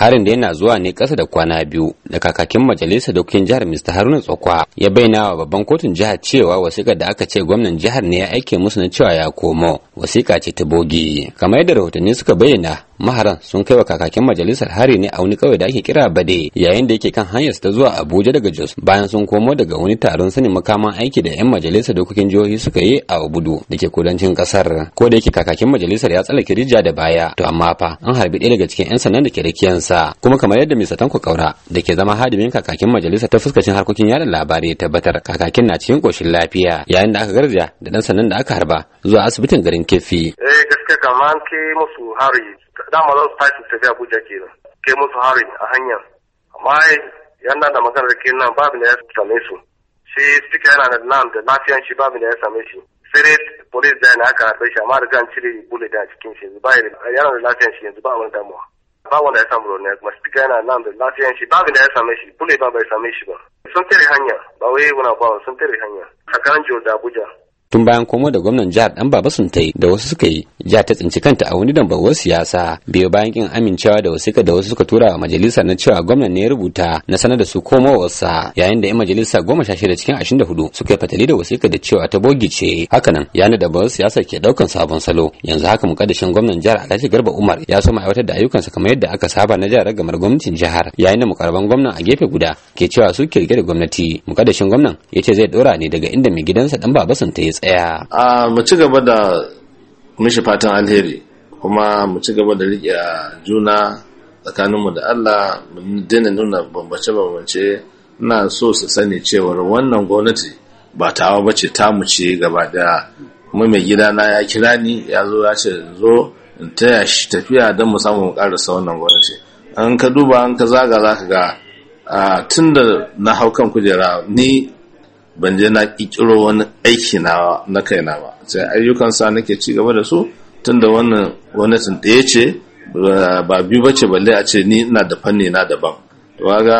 harin da yana zuwa ne ƙasa da kwana biyu da kakakin majalisar dokokin jihar Mr. Haruna Tsokwa ya bayyana wa babban kotun jihar cewa wasiƙar da aka ce gwamnan jihar ne ya aike musu na cewa ya komo wasiƙa ce ta bogi kamar yadda rahotanni suka bayyana maharan sun kai wa kakakin majalisar hari ne a wani kawai da ake kira bade yayin da yake kan hanyar ta zuwa abuja daga jos bayan sun komo daga wani taron sanin makaman aiki da yan majalisar dokokin jihohi suka yi a obudu da ke kudancin kasar ko da yake kakakin majalisar ya tsallake rijiya da baya to amma fa an harbi ɗaya daga cikin yan sannan da ke rikiyansa kuma kamar yadda isa tanko kaura da ke zama hadimin kakakin majalisar ta fuskacin harkokin yada labarai ya tabbatar kakakin na cikin koshin lafiya yayin da aka garja da dan sannan da aka harba zuwa asibitin garin kefi eh gaske kamar ke musu hari dama za su tashi tafi abuja ke nan ke musu hari a hanya amma yana da magana da ke nan babu da ya same su shi suka yana da nan da lafiyan shi babu da ya same shi sai dai polis da yana aka haɗe shi amma da gan cire bule da cikin shi yanzu ba yana da lafiyan shi yanzu ba wani damuwa ba wanda ya samu rauni kuma speaker yana nan da lafiyan shi babu da ya same shi bule ba bai same shi ba sun tare hanya ba wai wani ba sun tare hanya tsakanin jihohi da abuja tun bayan komo da gwamnan jihar dan baba sun ta yi da wasu suka yi ja ta tsinci kanta a wani dambarwar siyasa biyu bayan kin amincewa da wasika da wasu suka tura wa majalisa na cewa gwamnan ne ya rubuta na sanar da su komowarsa yayin da 'yan majalisa goma sha shida cikin ashirin da hudu suka yi fatali da wasika da cewa ta bogi ce hakanan yana da bawar siyasa ke daukan sabon salo yanzu haka mukaddashin gwamnan jihar alhaji garba umar ya so aiwatar da ayyukansa kamar yadda aka saba na jihar gamar gwamnatin jihar yayin da mukarban gwamnan a gefe guda ke cewa su kirge da gwamnati mukaddashin gwamnan ya ce zai dora ne daga inda mai gidansa dan babasan ta ya tsaya a mu ci gaba da mishi fatan alheri kuma mu ci gaba da riƙe juna tsakaninmu da Allah mu daina nuna bambance-bambance na so su sani cewar wannan gwamnati ba tawa ba ce mu ce gaba daya mu mai gida na ya kira ni ya zo ya ce zo in taya shi tafiya don mu samu mu karasa wannan gwamnati an ka duba an ka zaga za ka ga tun da na hau kan kujera ni ban je na kikiro wani aiki na na kaina ba sai ayyukan sa nake ci gaba da su tunda wannan gwamnatin ɗaya ce ba biyu bace balle a ce ni ina da fanni na daban to kaga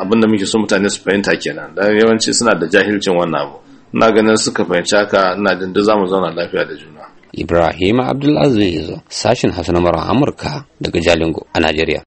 abin da muke so mutane su fahimta kenan dan yawanci suna da jahilcin wannan abu ina ganin suka fahimci haka ina jin da zamu zauna lafiya da juna Ibrahim Abdulaziz sashin Hassan Amurka daga Jalingo a Najeriya